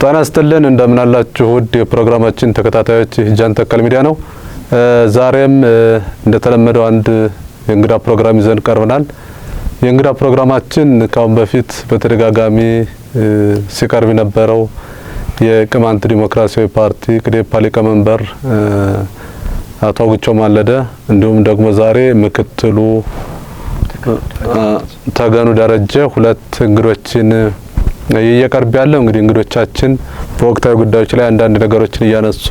ጤና ይስጥልን እንደምን አላችሁ? ውድ የፕሮግራማችን ተከታታዮች ጃን ተከል ሚዲያ ነው። ዛሬም እንደተለመደው አንድ የእንግዳ ፕሮግራም ይዘን ቀርበናል። የእንግዳ ፕሮግራማችን ካሁን በፊት በተደጋጋሚ ሲቀርብ የነበረው የቅማንት ዲሞክራሲያዊ ፓርቲ ቅዴፓ ሊቀመንበር አቶ አውግቸው ማለደ እንዲሁም ደግሞ ዛሬ ምክትሉ ተገኑ ደረጀ ሁለት እንግዶችን እየቀርብ ያለው እንግዲህ እንግዶቻችን በወቅታዊ ጉዳዮች ላይ አንዳንድ ነገሮችን እያነሱ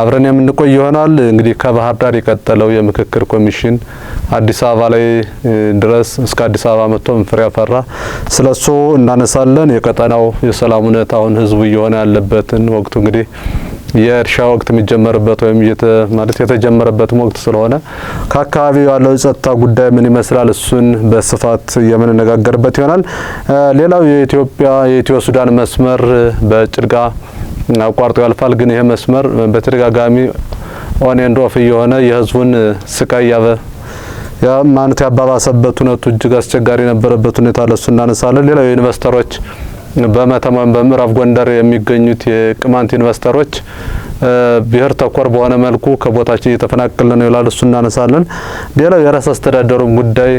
አብረን የምንቆይ ይሆናል። እንግዲህ ከባህር ዳር የቀጠለው የምክክር ኮሚሽን አዲስ አበባ ላይ ድረስ እስከ አዲስ አበባ መጥቶ ምን ፈራ ስለ ስለሱ እናነሳለን። የቀጠናው የሰላም ሁኔታ አሁን ህዝቡ እየሆነ ያለበትን ወቅቱ እንግዲህ የእርሻ ወቅት የሚጀመርበት ወይም ማለት የተጀመረበት ወቅት ስለሆነ ከአካባቢው ያለው የጸጥታ ጉዳይ ምን ይመስላል? እሱን በስፋት የምንነጋገርበት ይሆናል። ሌላው የኢትዮጵያ የኢትዮ ሱዳን መስመር በጭልጋ አቋርጦ ያልፋል። ግን ይሄ መስመር በተደጋጋሚ ኦን ኤንድ ኦፍ እየሆነ የህዝቡን ስቃይ ያበ ያ ማለት ያባባሰበት ሁነቱ እጅግ አስቸጋሪ የነበረበት ሁኔታ ለሱ እናነሳለን። ሌላው የኢንቨስተሮች በመተማን በምዕራብ ጎንደር የሚገኙት የቅማንት ኢንቨስተሮች ብሔር ተኮር በሆነ መልኩ ከቦታችን እየተፈናቀልን ነው ይላል። እሱ እናነሳለን። ሌላው የራስ አስተዳደሩም ጉዳይ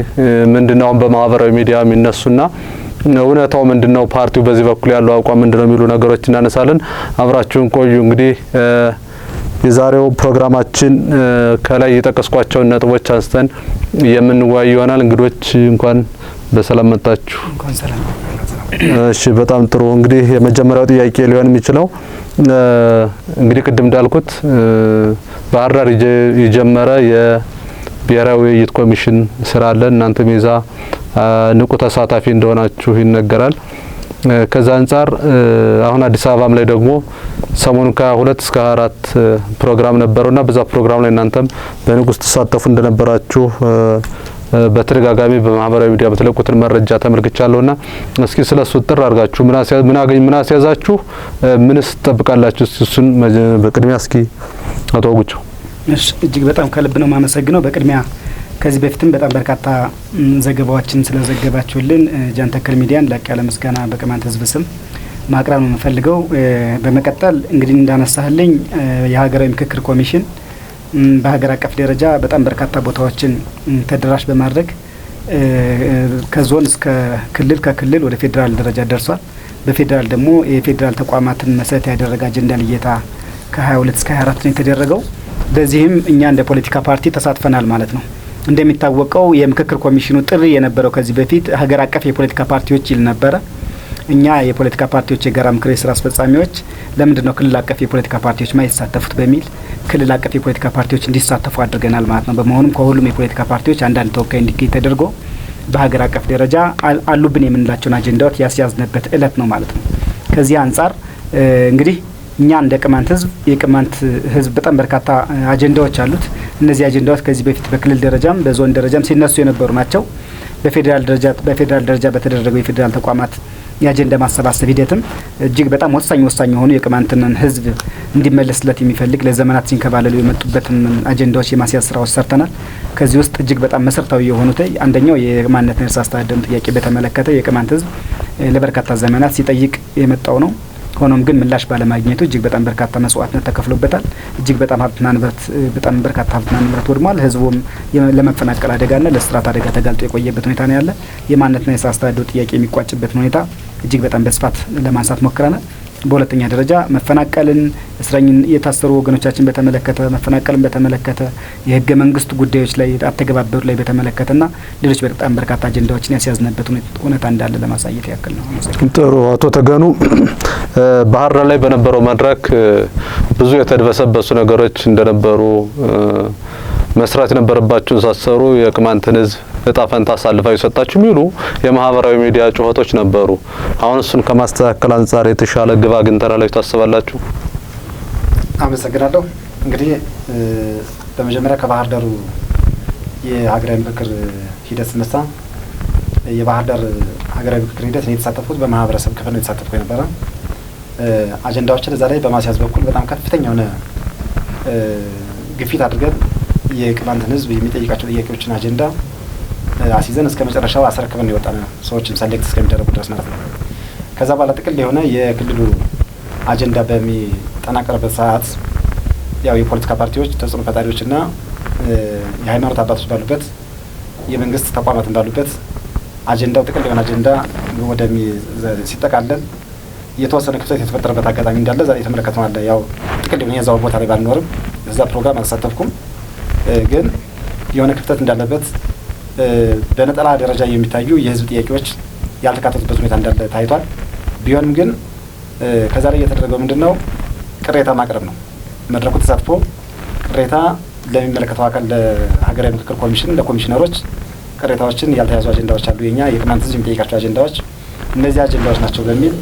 ምንድነው? አሁን በማህበራዊ ሚዲያ የሚነሱና እውነታው ምንድነው? ፓርቲው በዚህ በኩል ያለው አቋም ምንድነው? የሚሉ ነገሮች እናነሳለን። አብራችሁን ቆዩ። እንግዲህ የዛሬው ፕሮግራማችን ከላይ የጠቀስኳቸውን ነጥቦች አንስተን የምንወያይ ይሆናል። እንግዶች እንኳን በሰላም መጣችሁ። እሺ በጣም ጥሩ እንግዲህ የመጀመሪያው ጥያቄ ሊሆን የሚችለው እንግዲህ ቅድም እንዳልኩት ባህር ዳር የጀመረ የብሔራዊ ውይይት ኮሚሽን ስራ አለ። እናንተም የዛ ንቁ ተሳታፊ እንደሆናችሁ ይነገራል። ከዛ አንጻር አሁን አዲስ አበባም ላይ ደግሞ ሰሞኑን ከሁለት እስከ አራት ፕሮግራም ነበረውና በዛ ፕሮግራም ላይ እናንተም በንቁስ ተሳተፉ እንደነበራችሁ በተደጋጋሚ በማህበራዊ ሚዲያ በተለቁትን መረጃ ተመልክቻለሁና እስኪ እሱ ጥር አድርጋችሁ ምን አገኝ ምን አስያዛችሁ ምንስ ትጠብቃላችሁ? እሱን በቅድሚያ እስኪ አቶ እሺ፣ እጅግ በጣም ከልብ ነው የማመሰግነው። በቅድሚያ ከዚህ በፊትም በጣም በርካታ ዘገባዎችን ስለዘገባችሁልን ጃንተከል ሚዲያን ላቅ ያለ ምስጋና በቅማንት ህዝብ ስም ማቅረብ ነው የምፈልገው። በመቀጠል እንግዲህ እንዳነሳህልኝ የሀገራዊ ምክክር ኮሚሽን በሀገር አቀፍ ደረጃ በጣም በርካታ ቦታዎችን ተደራሽ በማድረግ ከዞን እስከ ክልል ከክልል ወደ ፌዴራል ደረጃ ደርሷል። በፌዴራል ደግሞ የፌዴራል ተቋማትን መሰረት ያደረገ አጀንዳ ልየታ ከ22 እስከ 24 ነው የተደረገው። በዚህም እኛ እንደ ፖለቲካ ፓርቲ ተሳትፈናል ማለት ነው። እንደሚታወቀው የምክክር ኮሚሽኑ ጥሪ የነበረው ከዚህ በፊት ሀገር አቀፍ የፖለቲካ ፓርቲዎች ይል ነበረ። እኛ የፖለቲካ ፓርቲዎች የጋራ ምክር ቤት ስራ አስፈጻሚዎች ለምንድን ነው ክልል አቀፍ የፖለቲካ ፓርቲዎች ማይሳተፉት በሚል ክልል አቀፍ የፖለቲካ ፓርቲዎች እንዲሳተፉ አድርገናል ማለት ነው። በመሆኑም ከሁሉም የፖለቲካ ፓርቲዎች አንዳንድ ተወካይ እንዲገኝ ተደርጎ በሀገር አቀፍ ደረጃ አሉብን የምንላቸውን አጀንዳዎች ያስያዝንበት እለት ነው ማለት ነው። ከዚህ አንጻር እንግዲህ እኛ እንደ ቅማንት ህዝብ የቅማንት ህዝብ በጣም በርካታ አጀንዳዎች አሉት። እነዚህ አጀንዳዎች ከዚህ በፊት በክልል ደረጃም በዞን ደረጃም ሲነሱ የነበሩ ናቸው። በፌዴራል ደረጃ በፌዴራል ደረጃ በተደረገው የፌዴራል ተቋማት የአጀንዳ ማሰባሰብ ሂደትም እጅግ በጣም ወሳኝ ወሳኝ የሆኑ የቅማንትንን ህዝብ እንዲመለስለት የሚፈልግ ለዘመናት ሲንከባለሉ የመጡበትም አጀንዳዎች የማስያዝ ስራዎች ሰርተናል። ከዚህ ውስጥ እጅግ በጣም መሰረታዊ የሆኑት አንደኛው የቅማንነትን ርዕሰ አስተዳደርን ጥያቄ በተመለከተ የቅማንት ህዝብ ለበርካታ ዘመናት ሲጠይቅ የመጣው ነው። ሆኖም ግን ምላሽ ባለማግኘቱ እጅግ በጣም በርካታ መስዋዕትነት ተከፍሎበታል። እጅግ በጣም ሀብትና ንብረት በጣም በርካታ ሀብትና ንብረት ወድሟል። ህዝቡም ለመፈናቀል አደጋና ለስርዓት አደጋ ተጋልጦ የቆየበት ሁኔታ ነው ያለ። የማንነትና የስራ አስተዳደሩ ጥያቄ የሚቋጭበትን ሁኔታ እጅግ በጣም በስፋት ለማንሳት ሞክረናል። በሁለተኛ ደረጃ መፈናቀልን፣ እስረኝን የታሰሩ ወገኖቻችን በተመለከተ መፈናቀልን በተመለከተ የህገ መንግስት ጉዳዮች ላይ አተገባበሩ ላይ ና ሌሎች በጣም በርካታ አጀንዳዎችን ያስያዝንበት እውነታ እንዳለ ለማሳየት ያክል ነው። ጥሩ። አቶ ተገኑ ባህር ላይ በነበረው መድረክ ብዙ የተድበሰበሱ ነገሮች እንደነበሩ መስራት የነበረባቸውን ሳሰሩ የቅማንትን ህዝብ እጣ ፈንታ አሳልፋ የሰጣችሁ የሚሉ የማህበራዊ ሚዲያ ጩኸቶች ነበሩ። አሁን እሱን ከማስተካከል አንጻር የተሻለ ግብ አግኝተናል ታስባላችሁ? አመሰግናለሁ። እንግዲህ በመጀመሪያ ከባህር ዳሩ የሀገራዊ ምክክር ሂደት ስነሳ የባህር ዳር ሀገራዊ ምክክር ሂደት ነው የተሳተፉት። በማህበረሰብ ክፍል ነው የተሳተፉ የነበረ አጀንዳዎችን እዛ ላይ በማስያዝ በኩል በጣም ከፍተኛ የሆነ ግፊት አድርገን የቅማንትን ህዝብ የሚጠይቃቸው ጥያቄዎችን አጀንዳ አስይዘን እስከ መጨረሻው አስረክበን የወጣ ሰዎችም ሰሌክት እስከሚደረጉ ድረስ ማለት ነው። ከዛ በኋላ ጥቅል የሆነ የክልሉ አጀንዳ በሚጠናቀርበት ሰዓት ያው የፖለቲካ ፓርቲዎች፣ ተጽዕኖ ፈጣሪዎችና የሃይማኖት አባቶች ባሉበት የመንግስት ተቋማት እንዳሉበት አጀንዳው ጥቅል የሆነ አጀንዳ ወደሚ ሲጠቃለል የተወሰነ ክፍተት የተፈጠረበት አጋጣሚ እንዳለ ዛሬ የተመለከትነው አለ። ያው ጥቅል የሆነ የዛው ቦታ ላይ ባልኖርም እዛ ፕሮግራም አልተሳተፍኩም፣ ግን የሆነ ክፍተት እንዳለበት በነጠላ ደረጃ የሚታዩ የህዝብ ጥያቄዎች ያልተካተቱበት ሁኔታ እንዳለ ታይቷል። ቢሆንም ግን ከዛ ላይ እየተደረገው ምንድን ነው ቅሬታ ማቅረብ ነው። መድረኩ ተሳትፎ ቅሬታ ለሚመለከተው አካል ለሀገራዊ ምክክር ኮሚሽን፣ ለኮሚሽነሮች ቅሬታዎችን ያልተያዙ አጀንዳዎች አሉ፣ የኛ የቅማንት ህዝብ የሚጠይቃቸው አጀንዳዎች እነዚህ አጀንዳዎች ናቸው በሚል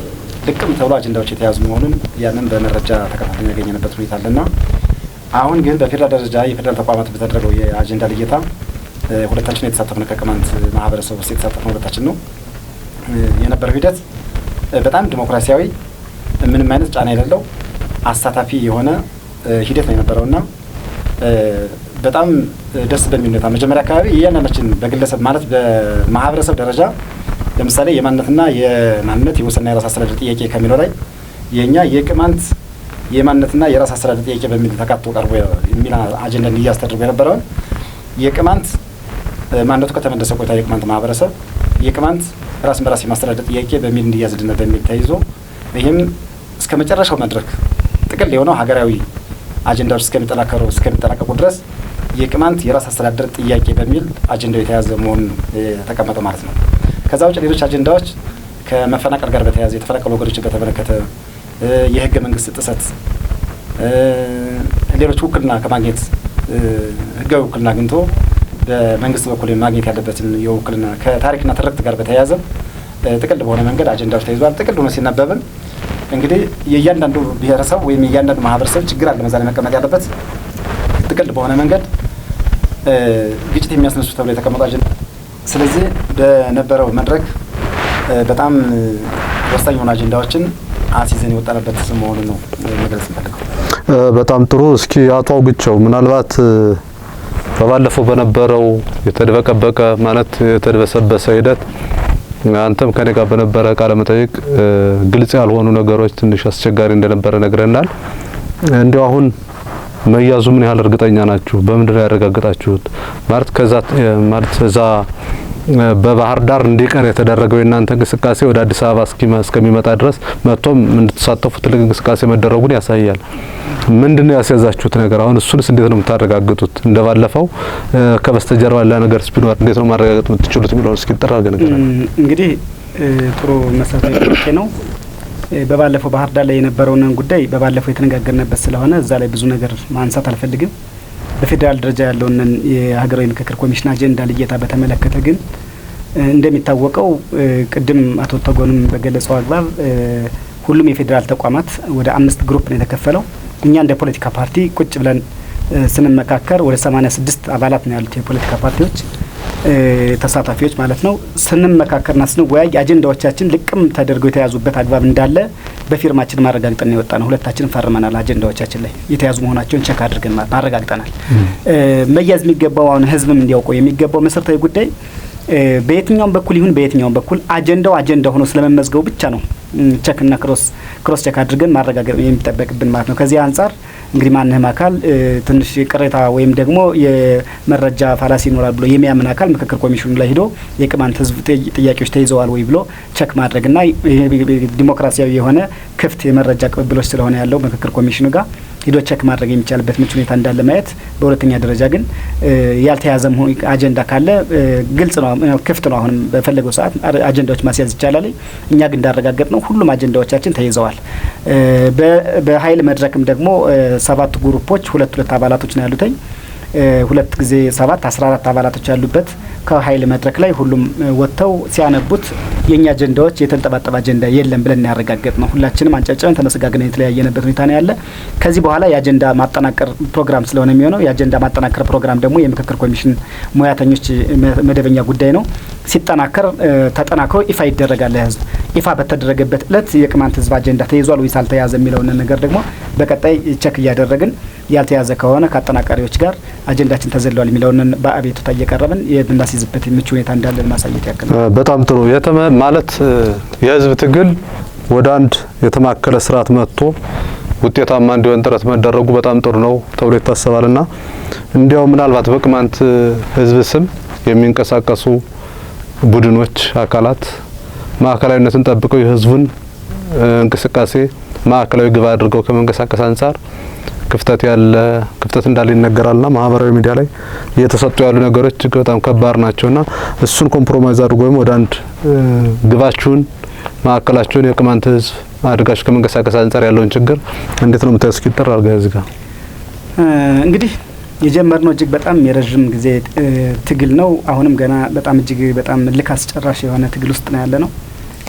ልቅም ተብሎ አጀንዳዎች የተያዙ መሆኑን ያንን በመረጃ ተከታትለን ያገኘንበት ሁኔታ አለና አሁን ግን በፌዴራል ደረጃ የፌዴራል ተቋማት በተደረገው የአጀንዳ ልየታ ሁለታችን የተሳተፍነው ከቅማንት ማህበረሰብ ውስጥ የተሳተፍነው ሁለታችን ነው። የነበረው ሂደት በጣም ዲሞክራሲያዊ፣ ምንም አይነት ጫና የሌለው አሳታፊ የሆነ ሂደት ነው የነበረው እና በጣም ደስ በሚል ሁኔታ መጀመሪያ አካባቢ እያንዳንዳችን በግለሰብ ማለት በማህበረሰብ ደረጃ ለምሳሌ የማንነትና የማንነት የወሰንና የራስ አስተዳደር ጥያቄ ከሚለው ላይ የእኛ የቅማንት የማንነትና የራስ አስተዳደር ጥያቄ በሚል ተካቶ ቀርቦ የሚል አጀንዳ እንዲያዝ የነበረውን የቅማንት ማንነቱ ከተመለሰ ቆይታ የቅማንት ማህበረሰብ የቅማንት ራስን በራስ የማስተዳደር ጥያቄ በሚል እንዲያዝድነት በሚል ተይዞ ይህም እስከ መጨረሻው መድረክ ጥቅል የሆነው ሀገራዊ አጀንዳዎች እስከሚጠናከሩ እስከሚጠናቀቁ ድረስ የቅማንት የራስ አስተዳደር ጥያቄ በሚል አጀንዳው የተያዘ መሆኑን የተቀመጠ ማለት ነው። ከዛ ውጭ ሌሎች አጀንዳዎች ከመፈናቀል ጋር በተያያዘ የተፈናቀሉ ወገኖችን በተመለከተ የህገ መንግስት ጥሰት፣ ሌሎች ውክልና ከማግኘት ህጋዊ ውክልና አግኝቶ በመንግስት በኩል ማግኘት ያለበትን የውክልና ከታሪክና ትርክት ጋር በተያያዘ ጥቅል በሆነ መንገድ አጀንዳዎች ተይዟል። ጥቅል ሆኖ ሲነበብን እንግዲህ የእያንዳንዱ ብሔረሰብ ወይም የእያንዳንዱ ማህበረሰብ ችግር አለ መዛ ላይ መቀመጥ ያለበት ጥቅል በሆነ መንገድ ግጭት የሚያስነሱ ተብሎ የተቀመጡ አጀንዳ ስለዚህ በነበረው መድረክ በጣም ወሳኝ የሆኑ አጀንዳዎችን አሲዘን የወጣንበት መሆኑን ነው መግለጽ እንፈልገው። በጣም ጥሩ። እስኪ አቶ አውግቸው ምናልባት በባለፈው በነበረው የተድበቀበቀ ማለት የተድበሰበሰ ሂደት አንተም ከኔ ጋር በነበረ ቃለ መጠይቅ ግልጽ ያልሆኑ ነገሮች ትንሽ አስቸጋሪ እንደነበረ ነግረናል። እንዲያው አሁን መያዙ ምን ያህል እርግጠኛ ናችሁ? በምንድን ነው ያረጋግጣችሁት? ማለት ከዛ ማለት እዛ በባህር ዳር እንዲቀር የተደረገው የእናንተ እንቅስቃሴ ወደ አዲስ አበባ እስከሚመጣ ድረስ መጥቶም እንድትሳተፉ ትልቅ እንቅስቃሴ መደረጉን ያሳያል። ምንድን ነው ያስያዛችሁት ነገር? አሁን እሱንስ እንዴት ነው የምታረጋግጡት? እንደባለፈው ከበስተጀርባ ያለ ነገር ቢኖር እንዴት ነው ማረጋገጥ የምትችሉት የሚለውን እስኪ ጥር ነገር እንግዲህ ጥሩ መሰረታዊ ነው። በባለፈው ባህር ዳር ላይ የነበረውን ጉዳይ በባለፈው የተነጋገርንበት ስለሆነ እዛ ላይ ብዙ ነገር ማንሳት አልፈልግም። በፌዴራል ደረጃ ያለውን የሀገራዊ ምክክር ኮሚሽን አጀንዳ ልየታ በተመለከተ ግን እንደሚታወቀው ቅድም አቶ ተጎንም በገለጸው አግባብ ሁሉም የፌዴራል ተቋማት ወደ አምስት ግሩፕ ነው የተከፈለው። እኛ እንደ ፖለቲካ ፓርቲ ቁጭ ብለን ስንመካከር ወደ ሰማኒያ ስድስት አባላት ነው ያሉት የፖለቲካ ፓርቲዎች ተሳታፊዎች ማለት ነው። ስንመካከርና ስንወያይ አጀንዳዎቻችን ልቅም ተደርገው የተያዙበት አግባብ እንዳለ በፊርማችን ማረጋግጠን የወጣ ነው። ሁለታችን ፈርመናል። አጀንዳዎቻችን ላይ የተያዙ መሆናቸውን ቸክ አድርገን አረጋግጠናል። መያዝ የሚገባው አሁን ህዝብም እንዲያውቀው የሚገባው መሰረታዊ ጉዳይ በየትኛውም በኩል ይሁን በየትኛውም በኩል አጀንዳው አጀንዳ ሆኖ ስለመመዝገቡ ብቻ ነው ቸክና ክሮስ ክሮስ ቸክ አድርገን ማረጋገጥ የሚጠበቅብን ማለት ነው። ከዚህ አንጻር እንግዲህ ማንህም አካል ትንሽ ቅሬታ ወይም ደግሞ የመረጃ ፋላሲ ይኖራል ብሎ የሚያምን አካል ምክክር ኮሚሽኑ ላይ ሂዶ የቅማንት ህዝብ ጥያቄዎች ተይዘዋል ወይ ብሎ ቸክ ማድረግና ዲሞክራሲያዊ የሆነ ክፍት የመረጃ ቅብብሎች ስለሆነ ያለው ምክክር ኮሚሽኑ ጋር ሂዶ ቸክ ማድረግ የሚቻልበት ምቹ ሁኔታ እንዳለ ማየት። በሁለተኛ ደረጃ ግን ያልተያዘ አጀንዳ ካለ ግልጽ ነው፣ ክፍት ነው። አሁንም በፈለገው ሰዓት አጀንዳዎች ማስያዝ ይቻላል። እኛ ግን እንዳረጋገጥ ነው ሁሉም አጀንዳዎቻችን ተይዘዋል። በሀይል መድረክም ደግሞ ሰባት ግሩፖች ሁለት ሁለት አባላቶች ነው ያሉተኝ ሁለት ጊዜ ሰባት አስራ አራት አባላቶች ያሉበት ከሀይል መድረክ ላይ ሁሉም ወጥተው ሲያነቡት የእኛ አጀንዳዎች የተንጠባጠበ አጀንዳ የለም ብለን ያረጋገጥ ነው። ሁላችንም አንጨብጨበን ተመስጋግነ የተለያየንበት ሁኔታ ነው ያለ። ከዚህ በኋላ የአጀንዳ ማጠናቀር ፕሮግራም ስለሆነ የሚሆነው የአጀንዳ ማጠናከር ፕሮግራም ደግሞ የምክክር ኮሚሽን ሙያተኞች መደበኛ ጉዳይ ነው። ሲጠናከር ተጠናክሮ ይፋ ይደረጋል ለህዝብ። ይፋ በተደረገበት እለት የቅማንት ህዝብ አጀንዳ ተይዟል ወይስ አልተያዘ የሚለውን ነገር ደግሞ በቀጣይ ቸክ እያደረግን ያልተያዘ ከሆነ ከአጠናቃሪዎች ጋር አጀንዳችን ተዘለዋል የሚለውን በአቤቱታ እየቀረብን ልናስይዝበት የምች ሁኔታ እንዳለን ማሳየት ያክል። በጣም ጥሩ ማለት የህዝብ ትግል ወደ አንድ የተማከለ ስርዓት መጥቶ ውጤታማ እንዲሆን ጥረት መደረጉ በጣም ጥሩ ነው ተብሎ ይታሰባልና እንዲያው ምናልባት በቅማንት ህዝብ ስም የሚንቀሳቀሱ ቡድኖች፣ አካላት ማዕከላዊነትን ጠብቀው የህዝቡን እንቅስቃሴ ማዕከላዊ ግብ አድርገው ከመንቀሳቀስ አንጻር ክፍተት ያለ ክፍተት እንዳለ ይነገራልና ማህበራዊ ሚዲያ ላይ እየተሰጡ ያሉ ነገሮች እጅግ በጣም ከባድ ናቸውና እሱን ኮምፕሮማይዝ አድርጎ ወይም ወደ አንድ ግባችሁን ማዕከላችሁን የቅማንት ህዝብ አድጋችሁ ከመንቀሳቀስ አንጻር ያለውን ችግር እንዴት ነው የምታየው? እስኪጠር አድርጋ እዚህ ጋር እንግዲህ የጀመርነው እጅግ በጣም የረዥም ጊዜ ትግል ነው። አሁንም ገና በጣም እጅግ በጣም ልክ አስጨራሽ የሆነ ትግል ውስጥ ነው ያለ ነው።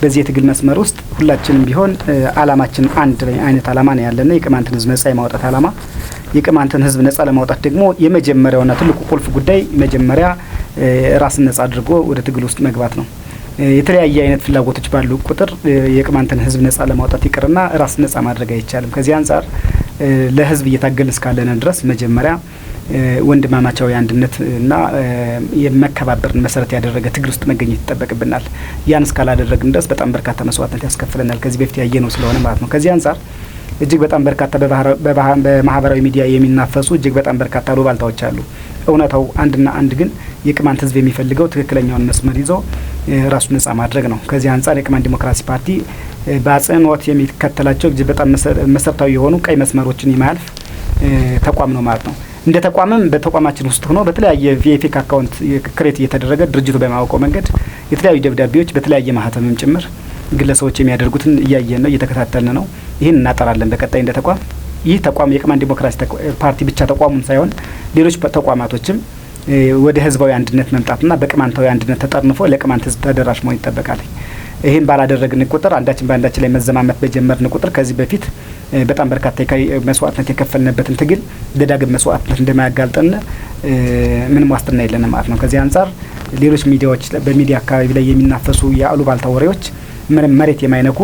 በዚህ የትግል መስመር ውስጥ ሁላችንም ቢሆን አላማችን አንድ አይነት አላማ ነው ያለና የቅማንትን ህዝብ ነጻ የማውጣት አላማ። የቅማንትን ህዝብ ነጻ ለማውጣት ደግሞ የመጀመሪያውና ትልቁ ቁልፍ ጉዳይ መጀመሪያ ራስን ነጻ አድርጎ ወደ ትግል ውስጥ መግባት ነው። የተለያየ አይነት ፍላጎቶች ባሉ ቁጥር የቅማንትን ህዝብ ነጻ ለማውጣት ይቅርና ራስን ነጻ ማድረግ አይቻልም። ከዚህ አንጻር ለህዝብ እየታገልን እስካለን ድረስ መጀመሪያ ወንድማማቻዊ አንድነት እና የመከባበርን መሰረት ያደረገ ትግል ውስጥ መገኘት ይጠበቅብናል። ያን እስካላደረግን ድረስ በጣም በርካታ መስዋዕትነት ያስከፍለናል። ከዚህ በፊት ያየ ነው ስለሆነ ማለት ነው። ከዚህ አንጻር እጅግ በጣም በርካታ በማህበራዊ ሚዲያ የሚናፈሱ እጅግ በጣም በርካታ ሉባልታዎች አሉ። እውነታው አንድና አንድ ግን የቅማንት ህዝብ የሚፈልገው ትክክለኛውን መስመር ይዞ ራሱን ነጻ ማድረግ ነው። ከዚህ አንጻር የቅማንት ዲሞክራሲ ፓርቲ በአጽንኦት የሚከተላቸው እጅግ በጣም መሰረታዊ የሆኑ ቀይ መስመሮችን የማያልፍ ተቋም ነው ማለት ነው። እንደ ተቋምም በተቋማችን ውስጥ ሆኖ በተለያየ ቪኤፌክ አካውንት ክሬት እየተደረገ ድርጅቱ በማያውቀው መንገድ የተለያዩ ደብዳቤዎች በተለያየ ማህተምም ጭምር ግለሰቦች የሚያደርጉትን እያየን ነው፣ እየተከታተልን ነው። ይህን እናጠራለን። በቀጣይ እንደ ተቋም ይህ ተቋም የቅማን ዲሞክራሲ ፓርቲ ብቻ ተቋሙን ሳይሆን ሌሎች ተቋማቶችም ወደ ህዝባዊ አንድነት መምጣትና በቅማንታዊ አንድነት ተጠርንፎ ለቅማንት ህዝብ ተደራሽ መሆን ይጠበቃል። ይህን ባላደረግን ቁጥር አንዳችን በአንዳችን ላይ መዘማመት በጀመርን ቁጥር ከዚህ በፊት በጣም በርካታ መስዋዕትነት የከፈልንበትን ትግል ለዳግም መስዋዕትነት እንደማያጋልጠን ምንም ዋስትና የለን ማለት ነው። ከዚህ አንጻር ሌሎች ሚዲያዎች በሚዲያ አካባቢ ላይ የሚናፈሱ የአሉባልታ ወሬዎች ምንም መሬት የማይነኩ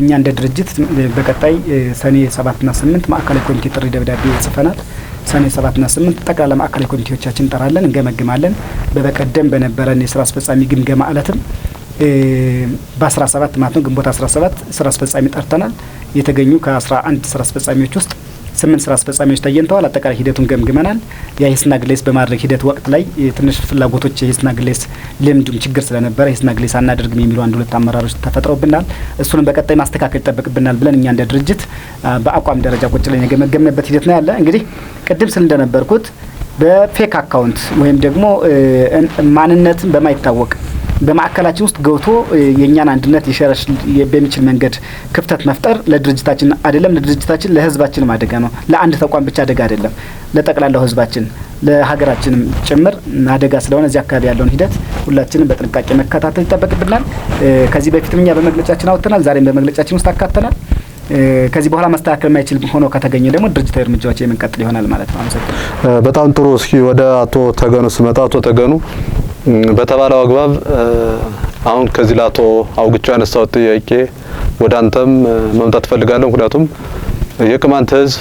እኛ እንደ ድርጅት በቀጣይ ሰኔ ሰባትና ስምንት ማዕከላዊ ኮሚቴ ጥሪ ደብዳቤ ጽፈናል። ሰኔ ሰባትና ስምንት ጠቅላላ ማዕከላዊ ኮሚቴዎቻችን እንጠራለን፣ እንገመግማለን። በበቀደም በነበረን የስራ አስፈጻሚ ግምገማ እለትም በ17 ማለት ነው ግንቦት 17 ስራ አስፈጻሚ ጠርተናል። የተገኙ ከ11 ስራ አስፈጻሚዎች ውስጥ ስምንት ስራ አስፈጻሚዎች ተገኝተዋል። አጠቃላይ ሂደቱን ገምግመናል። የሂስና ግሌስ በማድረግ ሂደት ወቅት ላይ ትንሽ ፍላጎቶች የሂስና ግሌስ ልምዱም ችግር ስለነበረ ሂስና ግሌስ አናደርግም የሚሉ አንድ ሁለት አመራሮች ተፈጥረውብናል። እሱንም በቀጣይ ማስተካከል ይጠበቅብናል ብለን እኛ እንደ ድርጅት በአቋም ደረጃ ቁጭ ላይ የገመገምንበት ሂደት ነው ያለ። እንግዲህ ቅድም ስል እንደነበርኩት በፌክ አካውንት ወይም ደግሞ ማንነትን በማይታወቅ በማዕከላችን ውስጥ ገብቶ የእኛን አንድነት ሊሸረሽ በሚችል መንገድ ክፍተት መፍጠር ለድርጅታችን አይደለም ለድርጅታችን ለህዝባችንም አደጋ ነው። ለአንድ ተቋም ብቻ አደጋ አይደለም፣ ለጠቅላላው ህዝባችን ለሀገራችንም ጭምር አደጋ ስለሆነ እዚህ አካባቢ ያለውን ሂደት ሁላችንም በጥንቃቄ መከታተል ይጠበቅብናል። ከዚህ በፊትም እኛ በመግለጫችን አወጥተናል፣ ዛሬም በመግለጫችን ውስጥ አካተናል። ከዚህ በኋላ መስተካከል የማይችል ሆኖ ከተገኘ ደግሞ ድርጅታዊ እርምጃዎች የምንቀጥል ይሆናል ማለት ነው። አመሰግናለሁ። በጣም ጥሩ። እስኪ ወደ አቶ ተገኑ ስመጣ አቶ ተገኑ በተባለው አግባብ አሁን ከዚህ ለአቶ አውግቸው ያነሳሁት ጥያቄ ወደ አንተም መምጣት እፈልጋለሁ። ምክንያቱም የቅማንት ህዝብ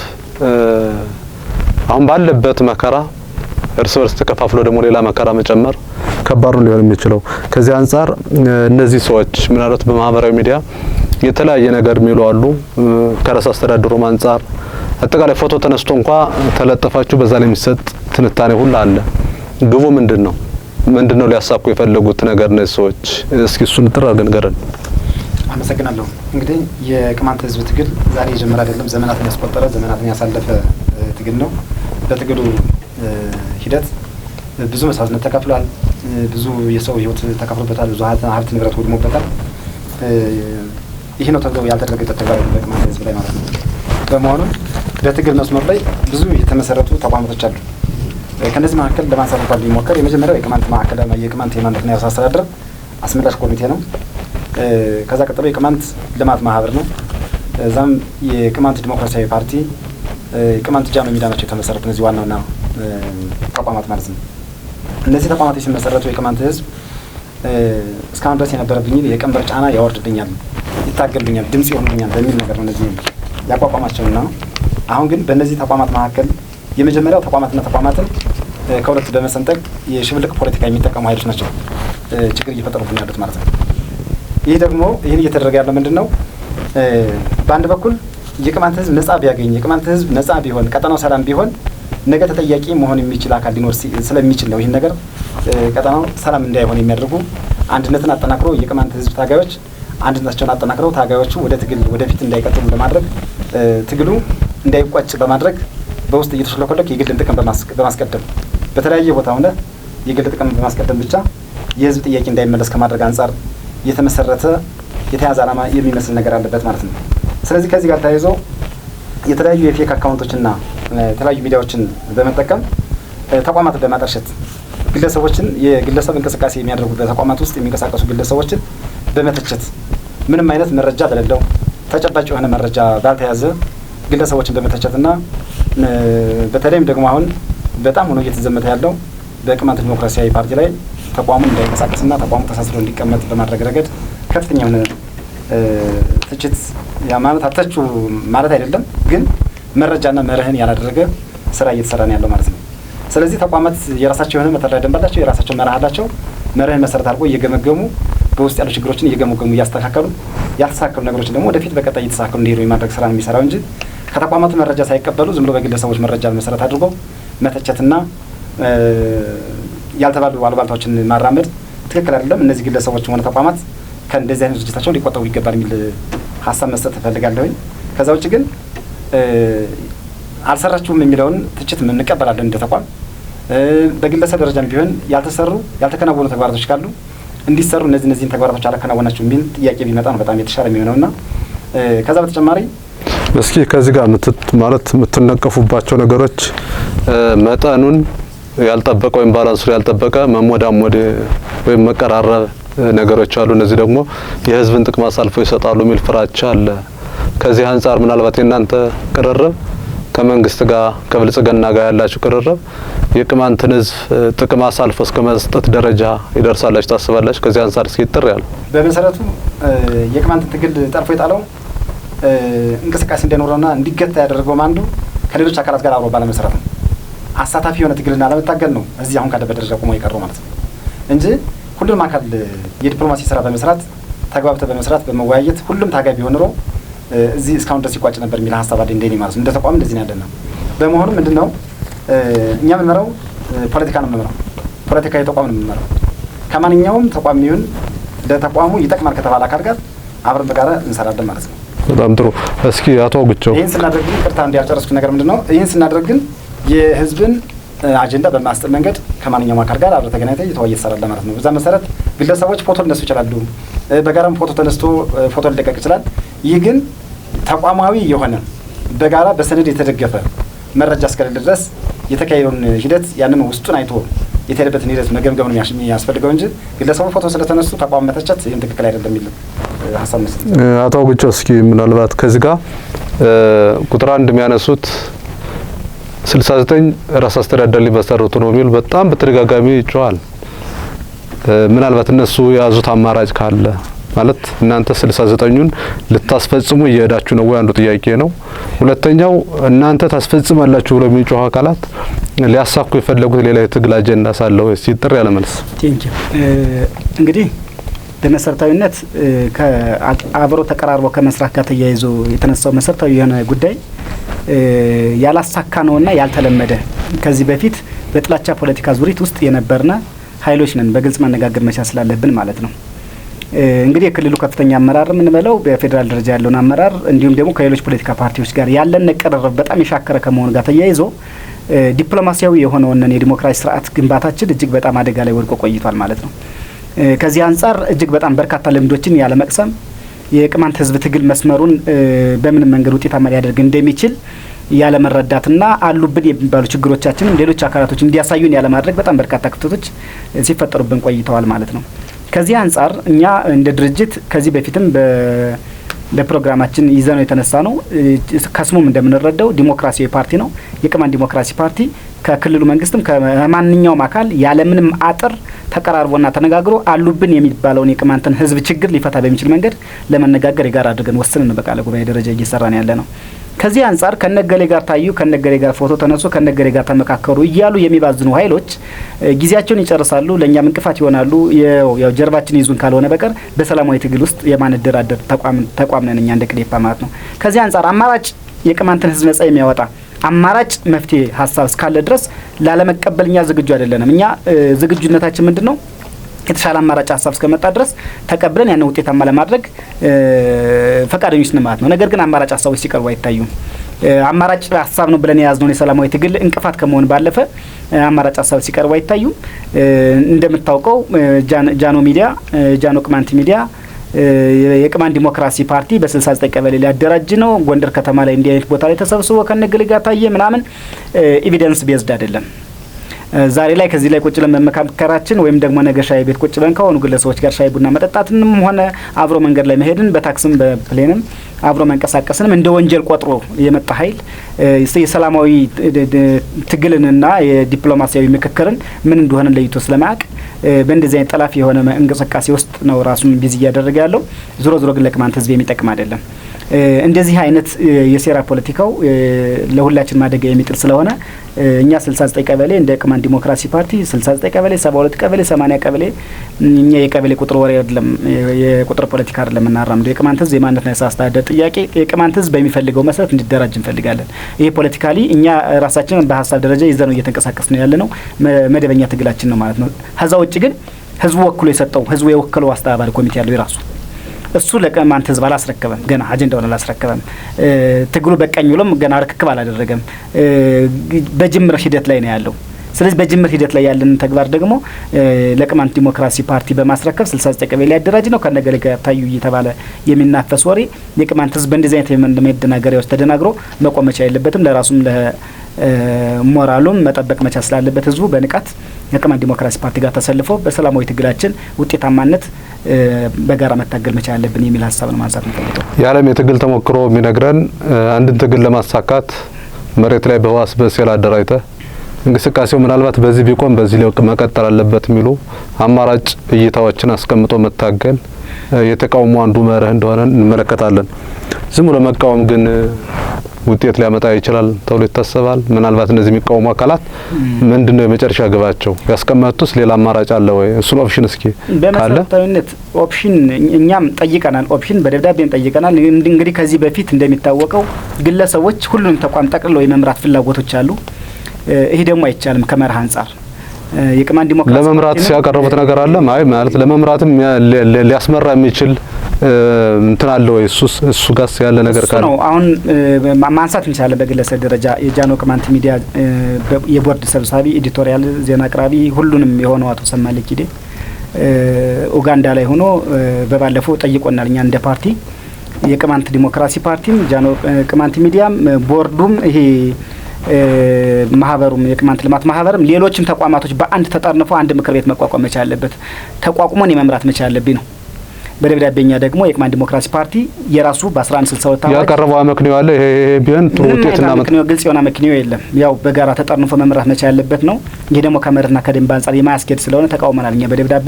አሁን ባለበት መከራ እርስ በርስ ተከፋፍሎ ደግሞ ሌላ መከራ መጨመር ከባድ ነው ሊሆን የሚችለው። ከዚህ አንጻር እነዚህ ሰዎች ምናልባት በማህበራዊ ሚዲያ የተለያየ ነገር የሚሉ አሉ። ከራስ አስተዳደሩም አንጻር አጠቃላይ ፎቶ ተነስቶ እንኳ ተለጠፋችሁ በዛ ላይ የሚሰጥ ትንታኔ ሁሉ አለ። ግቡ ምንድን ነው? ምንድነው ሊያሳኩ የፈለጉት ነገር እነዚህ ሰዎች? እስኪ እሱን ጥር ንገረን። አመሰግናለሁ። እንግዲህ የቅማንት ህዝብ ትግል ዛሬ የጀመረ አይደለም። ዘመናትን ያስቆጠረ ዘመናትን ያሳለፈ ትግል ነው። በትግሉ ሂደት ብዙ መስዋዕትነት ተከፍሏል። ብዙ የሰው ህይወት ተከፍሎበታል። ብዙ ሀብት ንብረት ወድሞበታል። ይህ ነው ተብሎ ያልተደረገበት ተግባር በቅማንት ህዝብ ላይ ማለት ነው። በመሆኑ በትግል መስመር ላይ ብዙ የተመሰረቱ ተቋማቶች አሉ። ከእነዚህ መካከል ለማንሳት እንኳን ቢሞከር የመጀመሪያው የቅማንት ማዕከላዊ የቅማንት የማንነትና የራስ አስተዳደር አስመላሽ ኮሚቴ ነው። ከዛ ቀጥሎ የቅማንት ልማት ማህበር ነው። እዛም የቅማንት ዲሞክራሲያዊ ፓርቲ፣ የቅማንት ጃኖ ሚዳ ናቸው የተመሰረቱ እነዚህ ዋና ዋና ተቋማት ማለት ነው። እነዚህ ተቋማት ሲመሰረቱ የቅማንት ህዝብ እስካሁን ድረስ የነበረብኝ የቀንበር ጫና ያወርድብኛል፣ ይታገልብኛል፣ ድምጽ ይሆንብኛል በሚል ነገር ነው እነዚህ ያቋቋማቸውና አሁን ግን በእነዚህ ተቋማት መካከል የመጀመሪያው ተቋማትና ተቋማትን ከሁለት በመሰንጠቅ የሽብልቅ ፖለቲካ የሚጠቀሙ ኃይሎች ናቸው ችግር እየፈጠሩብን ያሉት ማለት ነው። ይህ ደግሞ ይህን እየተደረገ ያለው ምንድን ነው? በአንድ በኩል የቅማንት ህዝብ ነጻ ቢያገኝ የቅማንት ህዝብ ነጻ ቢሆን ቀጠናው ሰላም ቢሆን ነገ ተጠያቂ መሆን የሚችል አካል ሊኖር ስለሚችል ነው። ይህን ነገር ቀጠናው ሰላም እንዳይሆን የሚያደርጉ አንድነትን አጠናክሮ የቅማንት ህዝብ ታጋዮች አንድነታቸውን አጠናክረው ታጋዮቹ ወደ ትግል ወደፊት እንዳይቀጥሉ ለማድረግ ትግሉ እንዳይቋጭ በማድረግ በውስጥ እየተሸለኮለክ የግልን ጥቅም በማስቀደም በተለያየ ቦታ ሆነ የግል ጥቅም በማስቀደም ብቻ የህዝብ ጥያቄ እንዳይመለስ ከማድረግ አንጻር የተመሰረተ የተያዘ ዓላማ የሚመስል ነገር አለበት ማለት ነው። ስለዚህ ከዚህ ጋር ተያይዞ የተለያዩ የፌክ አካውንቶችና የተለያዩ ሚዲያዎችን በመጠቀም ተቋማትን በማጠርሸት ግለሰቦችን የግለሰብ እንቅስቃሴ የሚያደርጉ በተቋማት ውስጥ የሚንቀሳቀሱ ግለሰቦችን በመተቸት ምንም አይነት መረጃ በሌለው ተጨባጭ የሆነ መረጃ ባልተያዘ ግለሰቦችን በመተቸትና በተለይም ደግሞ አሁን በጣም ሆኖ እየተዘመተ ያለው በቅማንት ዲሞክራሲያዊ ፓርቲ ላይ ተቋሙ እንዳይንቀሳቀስና ተቋሙ ተሳስሮ እንዲቀመጥ በማድረግ ረገድ ከፍተኛ የሆነ ትችት ማለት አተቹ ማለት አይደለም፣ ግን መረጃና መርህን ያላደረገ ስራ እየተሰራ ነው ያለው ማለት ነው። ስለዚህ ተቋማት የራሳቸው የሆነ መተዳደሪያ ደንብ አላቸው፣ የራሳቸው መርህ አላቸው። መርህን መሰረት አድርጎ እየገመገሙ በውስጥ ያሉ ችግሮችን እየገመገሙ እያስተካከሉ፣ ያልተስተካከሉ ነገሮችን ደግሞ ወደፊት በቀጣይ እየተስተካከሉ እንዲሄዱ የማድረግ ስራ ነው የሚሰራው እንጂ ከተቋማቱ መረጃ ሳይቀበሉ ዝም ብሎ በግለሰቦች መረጃ መሰረት አድርጎ መተቸትና ያልተባሉ አሉባልታዎችን ማራመድ ትክክል አይደለም። እነዚህ ግለሰቦች ሆነ ተቋማት ከእንደዚህ አይነት ድርጅታቸው ሊቆጠቡ ይገባል የሚል ሀሳብ መስጠት እፈልጋለሁኝ። ከዛ ውጭ ግን አልሰራችሁም የሚለውን ትችት እንቀበላለን እንደ ተቋም። በግለሰብ ደረጃም ቢሆን ያልተሰሩ ያልተከናወኑ ተግባራቶች ካሉ እንዲሰሩ እነዚህ እነዚህን ተግባራቶች አለከናወናቸው የሚል ጥያቄ ቢመጣ ነው በጣም የተሻለ የሚሆነውና ከዛ በተጨማሪ እስኪ ከዚህ ጋር ማለት የምትነቀፉባቸው ነገሮች መጠኑን ያልጠበቀ ወይም ባላንሱን ያልጠበቀ መሞዳሞድ ወይም መቀራረብ ነገሮች አሉ። እነዚህ ደግሞ የህዝብን ጥቅም አሳልፎ ይሰጣሉ የሚል ፍራቻ አለ። ከዚህ አንጻር ምናልባት የእናንተ ቅርርብ ከመንግስት ጋር ከብልጽግና ጋር ያላችሁ ቅርርብ የቅማንትን ህዝብ ጥቅም አሳልፎ እስከ መስጠት ደረጃ ይደርሳላችሁ ታስባላችሁ? ከዚህ አንጻር እስኪ ጥር ያሉ በመሰረቱ የቅማንትን ትግል ጠርፎ የጣለው እንቅስቃሴ እንዳይኖረውና እንዲገታ ያደረገውም አንዱ ከሌሎች አካላት ጋር አብሮ ባለመስራት ነው። አሳታፊ የሆነ ትግልና ለመታገል ነው እዚህ አሁን ካለበት ደረጃ ቆሞ የቀረው ማለት ነው እንጂ ሁሉም አካል የዲፕሎማሲ ስራ በመስራት ተግባብተ በመስራት በመወያየት ሁሉም ታጋይ ቢሆን ኖሮ እዚህ እስካሁን ድረስ ይቋጭ ነበር የሚል ሀሳብ አለ እንደኔ ማለት ነው። እንደ ተቋም እንደዚህ ነው በመሆኑ ምንድን ነው እኛ የምንመራው ፖለቲካ ነው የምንመራው ፖለቲካ የተቋም ነው የምንመራው ከማንኛውም ተቋም ይሁን ለተቋሙ ይጠቅማል ከተባለ አካል ጋር አብረን በጋራ እንሰራለን ማለት ነው። በጣም ጥሩ። እስኪ አቶ ግቸው ይህን ስናደርግ ግን ቅርታ እንዲያጨረስኩ ነገር ምንድን ነው ይህን ስናደርግ ግን የህዝብን አጀንዳ በማስጠር መንገድ ከማንኛውም አካል ጋር አብረ ተገናኝተ እየተወያየ ይሰራል ማለት ነው። በዛ መሰረት ግለሰቦች ፎቶ ሊነሱ ይችላሉ። በጋራም ፎቶ ተነስቶ ፎቶ ሊለቀቅ ይችላል። ይህ ግን ተቋማዊ የሆነ በጋራ በሰነድ የተደገፈ መረጃ እስከሌለ ድረስ የተካሄደውን ሂደት ያንም ውስጡን አይቶ የተሄደበትን ሂደት መገምገም ነው የሚያስፈልገው እንጂ ግለሰቡ ፎቶ ስለተነሱ ተቋም መተቸት ይህም ትክክል አይደለም የሚል ሀሳብ መስል አቶ ጉቾ እስኪ ምናልባት ከዚህ ጋር ቁጥር አንድ የሚያነሱት 69 ራስ አስተዳደር ሊመሰረቱ ነው የሚል በጣም በተደጋጋሚ ይጮሃል። ምናልባት እነሱ የያዙት አማራጭ ካለ ማለት እናንተ 69ኙን ልታስፈጽሙ እየሄዳችሁ ነው ወይ? አንዱ ጥያቄ ነው። ሁለተኛው እናንተ ታስፈጽማላችሁ ብለው የሚጮሁ አካላት ሊያሳኩ የፈለጉት ሌላ የትግል አጀንዳ ሳለ ወይ ሲጥር ያለ መልስ። ቴንኪው እንግዲህ በመሰረታዊነት አብሮ ተቀራርቦ ከመስራት ጋር ተያይዞ የተነሳው መሰረታዊ የሆነ ጉዳይ ያላሳካ ነውና ያልተለመደ ከዚህ በፊት በጥላቻ ፖለቲካ ዙሪት ውስጥ የነበርነ ኃይሎች ነን በግልጽ መነጋገር መቻል ስላለብን ማለት ነው። እንግዲህ የክልሉ ከፍተኛ አመራር የምንበለው በፌዴራል ደረጃ ያለውን አመራር እንዲሁም ደግሞ ከሌሎች ፖለቲካ ፓርቲዎች ጋር ያለን መቀራረብ በጣም የሻከረ ከመሆኑ ጋር ተያይዞ ዲፕሎማሲያዊ የሆነውን የዲሞክራሲ ስርዓት ግንባታችን እጅግ በጣም አደጋ ላይ ወድቆ ቆይቷል ማለት ነው። ከዚህ አንጻር እጅግ በጣም በርካታ ልምዶችን ያለመቅሰም የቅማንት ህዝብ ትግል መስመሩን በምን መንገድ ውጤታማ ሊያደርግ እንደሚችል ያለመረዳትና አሉብን የሚባሉ ችግሮቻችንም ሌሎች አካላቶች እንዲያሳዩን ያለማድረግ በጣም በርካታ ክፍተቶች ሲፈጠሩብን ቆይተዋል ማለት ነው። ከዚህ አንጻር እኛ እንደ ድርጅት ከዚህ በፊትም በፕሮግራማችን ይዘነው የተነሳ ነው። ከስሙም እንደምንረዳው ዲሞክራሲያዊ ፓርቲ ነው። የቅማንት ዲሞክራሲ ፓርቲ ከክልሉ መንግስትም ከማንኛውም አካል ያለምንም አጥር ተቀራርቦና ተነጋግሮ አሉብን የሚባለውን የቅማንትን ህዝብ ችግር ሊፈታ በሚችል መንገድ ለመነጋገር የጋራ አድርገን ወስን ነው በቃለ ጉባኤ ደረጃ እየሰራን ያለ ነው። ከዚህ አንጻር ከነገሌ ጋር ታዩ፣ ከነገሌ ጋር ፎቶ ተነሱ፣ ከነገሌ ጋር ተመካከሩ እያሉ የሚባዝኑ ኃይሎች ጊዜያቸውን ይጨርሳሉ፣ ለእኛም እንቅፋት ይሆናሉ። ያው ጀርባችን ይዙን ካልሆነ በቀር በሰላማዊ ትግል ውስጥ የማንደራደር ተቋም ነን እኛ እንደ ቅዴፓ ማለት ነው። ከዚህ አንጻር አማራጭ የቅማንትን ህዝብ ነጻ የሚያወጣ አማራጭ መፍትሄ ሀሳብ እስካለ ድረስ ላለመቀበል እኛ ዝግጁ አይደለንም። እኛ ዝግጁነታችን ምንድን ነው? የተሻለ አማራጭ ሀሳብ እስከመጣ ድረስ ተቀብለን ያንን ውጤታማ ለማድረግ ፈቃደኞች ማለት ነው። ነገር ግን አማራጭ ሀሳቦች ሲቀርቡ አይታዩም። አማራጭ ሀሳብ ነው ብለን የያዝነውን የሰላማዊ ትግል እንቅፋት ከመሆን ባለፈ አማራጭ ሀሳብ ሲቀርቡ አይታዩም። እንደምታውቀው ጃኖ ሚዲያ ጃኖ ቅማንት ሚዲያ የቅማን ዲሞክራሲ ፓርቲ በ69 ቀበሌ ሊያደራጅ ነው። ጎንደር ከተማ ላይ እንዲህ አይነት ቦታ ላይ ተሰብስቦ ከነግል ጋር ታየ ምናምን ኤቪደንስ ቤዝድ አይደለም። ዛሬ ላይ ከዚህ ላይ ቁጭ ብለን መመካከራችን ወይም ደግሞ ነገ ሻይ ቤት ቁጭ ብለን ከሆኑ ግለሰቦች ጋር ሻይ ቡና መጠጣትንም ሆነ አብሮ መንገድ ላይ መሄድን በታክስም በፕሌንም አብሮ መንቀሳቀስንም እንደ ወንጀል ቆጥሮ የመጣ ኃይል የሰላማዊ ትግልንና የዲፕሎማሲያዊ ምክክርን ምን እንደሆነ ለይቶ ስለማያውቅ በእንደዚህ አይነት ጠላፊ የሆነ እንቅስቃሴ ውስጥ ነው ራሱን ቢዝ እያደረገ ያለው። ዞሮ ዞሮ ግን ለቅማንት ህዝብ የሚጠቅም አይደለም። እንደዚህ አይነት የሴራ ፖለቲካው ለሁላችን ማደጋ የሚጥል ስለሆነ እኛ 69 ቀበሌ እንደ ቅማንት ዲሞክራሲ ፓርቲ 69 ቀበሌ፣ 72 ቀበሌ፣ 80 ቀበሌ እኛ የቀበሌ ቁጥር ወሬ አይደለም፣ የቁጥር ፖለቲካ አይደለም እናራምደው። የቅማንት ህዝብ የማንነትና የራስ ጥያቄ የቅማንት ህዝብ በሚፈልገው መሰረት እንዲደራጅ እንፈልጋለን። ይሄ ፖለቲካሊ እኛ ራሳችንን በሀሳብ ደረጃ ይዘነው እየተንቀሳቀስ ነው ያለ ነው። መደበኛ ትግላችን ነው ማለት ነው። ከዛ ውጭ ግን ህዝቡ ወክሎ የሰጠው ህዝቡ የወከለው አስተባባሪ ኮሚቴ ያለው የራሱ እሱ ለቅማንት ህዝብ አላስረከበም። ገና አጀንዳውን አላስረከበም። ትግሉ በቀኝ ብሎም ገና ርክክብ አላደረገም። በጅምር ሂደት ላይ ነው ያለው። ስለዚህ በጅምር ሂደት ላይ ያለን ተግባር ደግሞ ለቅማንት ዲሞክራሲ ፓርቲ በማስረከብ ስልሳ ዘጠኝ ቀበሌ አደራጅ ነው ከነገሌ ጋር ታዩ እየተባለ የሚናፈስ ወሬ የቅማንት ህዝብ በእንደዚህ አይነት መደናገሪያዎች ተደናግሮ መቆመቻ የለበትም። ለራሱም ለሞራሉም መጠበቅ መቻ ስላለበት ህዝቡ በንቃት ከቅማንት ዲሞክራሲ ፓርቲ ጋር ተሰልፎ በሰላማዊ ትግላችን ውጤታማነት በጋራ መታገል መቻ ያለብን የሚል ሀሳብ ነው ማንሳት ንፈልገው። የዓለም የትግል ተሞክሮ የሚነግረን አንድን ትግል ለማሳካት መሬት ላይ በዋስ በሴል አደራጅተ እንቅስቃሴው ምናልባት በዚህ ቢቆም በዚህ ላይ መቀጠል አለበት የሚሉ አማራጭ እይታዎችን አስቀምጦ መታገል የተቃውሞ አንዱ መርህ እንደሆነ እንመለከታለን። ዝም ብሎ መቃወም ግን ውጤት ሊያመጣ ይችላል ተብሎ ይታሰባል። ምናልባት እነዚህ የሚቃወሙ አካላት ምንድን ነው የመጨረሻ ግባቸው? ያስቀመጡስ ሌላ አማራጭ አለ ወይ? እሱን ኦፕሽን እስኪ በመሰረታዊነት ኦፕሽን እኛም ጠይቀናል። ኦፕሽን በደብዳቤም ጠይቀናል። እንግዲህ ከዚህ በፊት እንደሚታወቀው ግለሰቦች ሁሉንም ተቋም ጠቅልለው የመምራት ፍላጎቶች አሉ። ይሄ ደግሞ አይቻልም ከመርህ አንጻር የቅማንት ዲሞክራሲ ለመምራት ሲያቀርቡት ነገር አለ ማይ ማለት ለመምራትም ሊያስመራ የሚችል እንትን አለ ወይ? እሱ እሱ ጋስ ያለ ነገር ካለ ነው አሁን ማንሳት እንችላለን። በግለሰብ ደረጃ የጃኖ ቅማንት ሚዲያ የቦርድ ሰብሳቢ፣ ኤዲቶሪያል ዜና አቅራቢ ሁሉንም የሆነው አቶ ሰማሌ ኪዴ ኡጋንዳ ላይ ሆኖ በባለፈው ጠይቆናል። እኛ እንደ ፓርቲ የቅማንት ዲሞክራሲ ፓርቲም ጃኖ ቅማንት ሚዲያም ቦርዱም ይሄ ማህበሩም የቅማንት ልማት ማህበርም ሌሎችም ተቋማቶች በአንድ ተጠርንፎ አንድ ምክር ቤት መቋቋም መቻል አለበት። ተቋቁሞን የመምራት መቻል አለብኝ ነው። በደብዳቤኛ ደግሞ የቅማንት ዲሞክራሲ ፓርቲ የራሱ በ1162 ያቀረበው አመክንዮ አለ። ይሄ ቢሆን ጥሩ ውጤት እና አመክንዮ ግልጽ የሆነ አመክንዮ የለም። ያው በጋራ ተጠርንፎ መምራት መቻ ያለበት ነው። ይህ ደግሞ ከመርህና ከደንብ አንጻር የማያስኬድ ስለሆነ ተቃውመናል። እኛ በደብዳቤ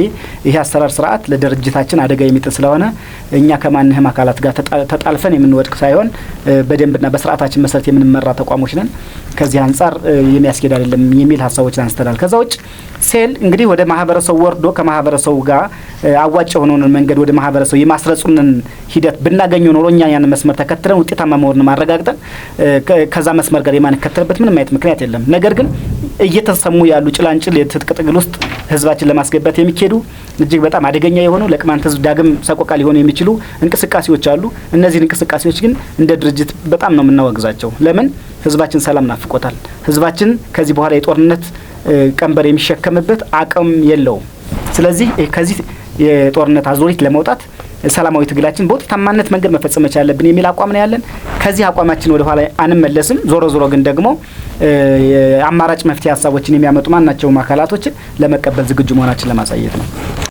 ይህ አሰራር ስርዓት ለድርጅታችን አደጋ የሚጥል ስለሆነ እኛ ከማንህም አካላት ጋር ተጣልፈን የምንወድቅ ሳይሆን በደንብና በስርዓታችን መሰረት የምንመራ ተቋሞች ነን። ከዚህ አንጻር የሚያስኬድ አይደለም የሚል ሀሳቦችን አንስተናል። ከዛ ውጭ ሴል እንግዲህ ወደ ማህበረሰቡ ወርዶ ከማህበረሰቡ ጋር አዋጭ የሆነውን መንገድ ወደ ማህበረሰቡ የማስረጹንን ሂደት ብናገኘው ኖሮ እኛ ያን መስመር ተከትለን ውጤታማ መሆኑን ማረጋግጠን ከዛ መስመር ጋር የማንከተልበት ምንም አይነት ምክንያት የለም። ነገር ግን እየተሰሙ ያሉ ጭላንጭል የትጥቅ ትግል ውስጥ ህዝባችን ለማስገባት የሚካሄዱ እጅግ በጣም አደገኛ የሆኑ ለቅማንት ህዝብ ዳግም ሰቆቃ ሊሆኑ የሚችሉ እንቅስቃሴዎች አሉ። እነዚህን እንቅስቃሴዎች ግን እንደ ድርጅት በጣም ነው የምናወግዛቸው። ለምን ህዝባችን ሰላም ናፍቆታል። ህዝባችን ከዚህ በኋላ የጦርነት ቀንበር የሚሸከምበት አቅም የለውም። ስለዚህ ከዚህ የጦርነት አዙሪት ለመውጣት ሰላማዊ ትግላችን በውጤታማነት መንገድ መፈጸም መቻል አለብን የሚል አቋም ነው ያለን። ከዚህ አቋማችን ወደኋላ አንመለስም። ዞሮ ዞሮ ግን ደግሞ አማራጭ መፍትሄ ሀሳቦችን የሚያመጡ ማናቸውም አካላቶችን ለመቀበል ዝግጁ መሆናችን ለማሳየት ነው።